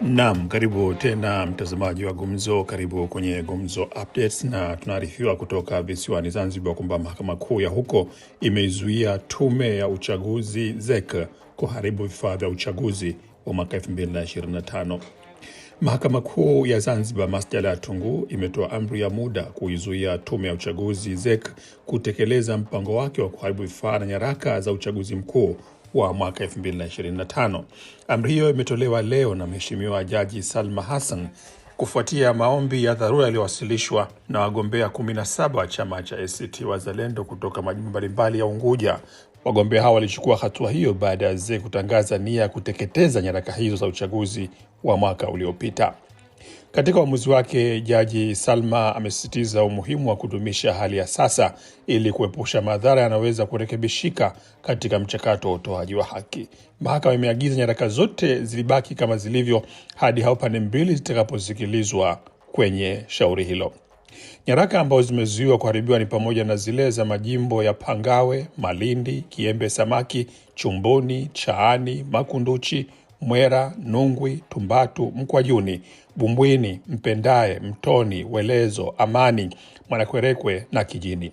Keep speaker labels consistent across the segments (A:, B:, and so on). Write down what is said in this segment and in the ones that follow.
A: Naam, karibu tena mtazamaji wa Gumzo, karibu kwenye Gumzo Updates. Na tunaarifiwa kutoka visiwani Zanzibar kwamba mahakama kuu ya huko imeizuia tume ya uchaguzi ZEC kuharibu vifaa vya uchaguzi wa mwaka 2025. Mahakama Kuu ya Zanzibar masjala ya Tunguu imetoa amri ya muda kuizuia tume ya uchaguzi ZEC kutekeleza mpango wake wa kuharibu vifaa na nyaraka za uchaguzi mkuu wa mwaka 2025. Amri hiyo imetolewa leo na Mheshimiwa Jaji Salma Hassan kufuatia maombi ya dharura yaliyowasilishwa na wagombea 17 wa chama cha ACT Wazalendo kutoka majimbo mbalimbali ya Unguja. Wagombea hao walichukua hatua hiyo baada ya ZEC kutangaza nia ya kuteketeza nyaraka hizo za uchaguzi wa mwaka uliopita. Katika uamuzi wake, Jaji Salma amesisitiza umuhimu wa kudumisha hali ya sasa ili kuepusha madhara yanayoweza kurekebishika katika mchakato wa utoaji wa haki. Mahakama imeagiza nyaraka zote zilibaki kama zilivyo hadi hao pande mbili zitakaposikilizwa kwenye shauri hilo. Nyaraka ambazo zimezuiwa kuharibiwa ni pamoja na zile za majimbo ya Pangawe, Malindi, Kiembe Samaki, Chumbuni, Chaani, Makunduchi, Mwera, Nungwi, Tumbatu, Mkwajuni, Bumbwini, Mpendae, Mtoni, Welezo, Amani, Mwanakwerekwe na Kijini.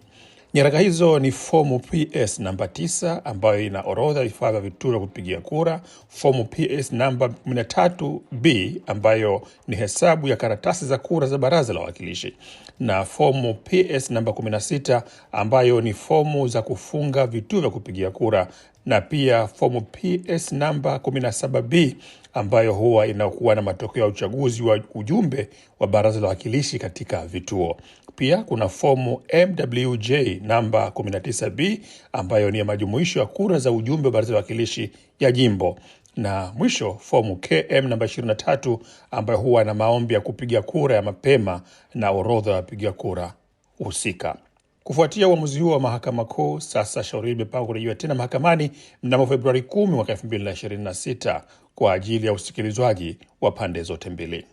A: Nyaraka hizo ni fomu PS namba 9 ambayo ina orodha vifaa vya vituo vya kupigia kura, fomu PS namba 13B ambayo ni hesabu ya karatasi za kura za baraza la wawakilishi, na fomu PS namba 16 ambayo ni fomu za kufunga vituo vya kupigia kura na pia fomu PS namba 17B ambayo huwa inakuwa na matokeo ya uchaguzi wa ujumbe wa baraza la wakilishi katika vituo. Pia kuna fomu MWJ namba 19B ambayo ni ya majumuisho ya kura za ujumbe wa baraza la wakilishi ya jimbo na mwisho fomu KM namba 23 ambayo huwa na maombi ya kupiga kura ya mapema na orodha ya wapiga kura husika. Kufuatia uamuzi huo wa mahakama kuu, sasa shauri hili limepangwa kurejiwa tena mahakamani mnamo Februari 1 mwaka 226 kwa ajili ya usikilizwaji wa pande zote mbili.